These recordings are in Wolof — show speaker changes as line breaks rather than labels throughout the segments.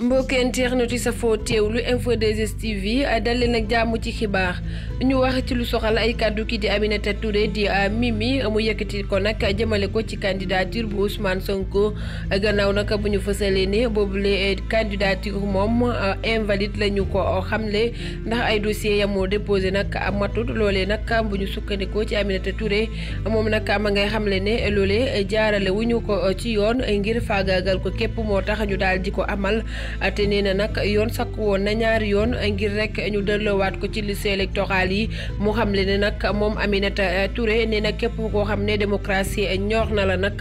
mbokki internet sa safoo teewlu info 2S TV dal leen ak jàmm ci xibaar ñu wax ci lu soxal ay kàddu ki di Aminata Touré di ah, Mimi mu yëkkati ko nag jëmale ko ci candidature bu Ousmane Sonko gannaaw nag bu ñu fësalee ne boobule eh, candidature moom ah, invalide la ñu ko xamle ndax ay dossier yamoo déposé nag matut loole nag bu ñu sukkandikoo ci Aminata Touré moom nag ma ngay xamle ne loolee jaarale wu ñu ko ci yoon ngir faagaagal ko képp moo tax ñu daal di ko amal. ate nee na nag yoon sakku woon na ñaari yoon ngir rek ñu delloowaat ko ci liste électorale yi mu xam le ne nag moom Aminata eh, Touré nee na képp koo xam ne démocratie eh, ñor na la nag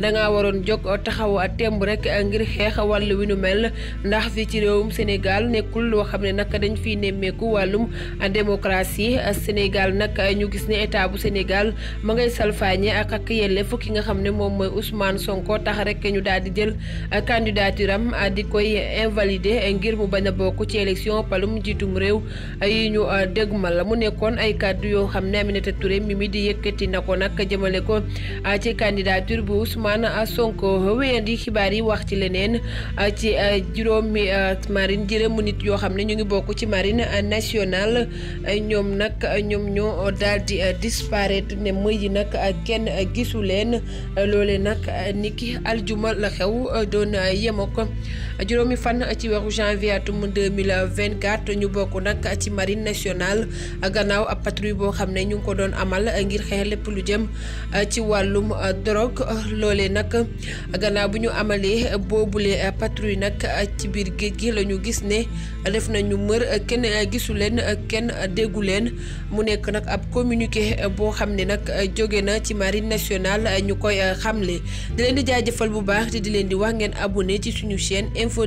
dangaa waroon jóg eh, taxaw temb rek ngir xeex wàll wi nu mel ndax fii ci réewum Sénégal nekkul loo xam ne nag dañ fiy nemmeeku wàllum démocratie Sénégal nag ñu gis ne état bu Sénégal ma ngay salfaañe ak ak yelleef ki nga xam ne moom mooy Ousmane Sonko tax rek ñu daal di jël candidature am di koy invalidé ngir mu bañ a bokk ci élection palum njiitum réew yi ñu euh, la mu nekkoon ay kàddu yoo xam ne Aminata Touré mi mi di yëkkati na ko nag jëmale ko euh, ci candidature bu Ousmane Sonko wéyandi xibaar yi wax ci leneen euh, ci juróomi marine juróomi nit yoo xam ne ñu ngi bokk ci marine nationale ñoom nag ñoom ñoo daal di disparaître ne mëy yi nag kenn gisu leen loole nag niki aljuma la xew doon yemoo juróomi juróomi fan ci weeru janvier atum 2024 ñu bokk nag ci marine nationale gannaaw ab patrouille boo xam ne ñu ngi ko doon amal ngir xeex lépp lu jëm ci wàllum drogue loolee nag gannaaw bu ñu amalee boobule patrouille nag ci biir géej gi la ñu gis ne def nañu mër kenn gisu leen kenn déggu leen mu nekk nag ab communiqué boo xam ne nag jóge na ci marine nationale ñu koy xamle di leen di jaajëfal bu baax te di leen di wax ngeen abonné ci suñu chaîne info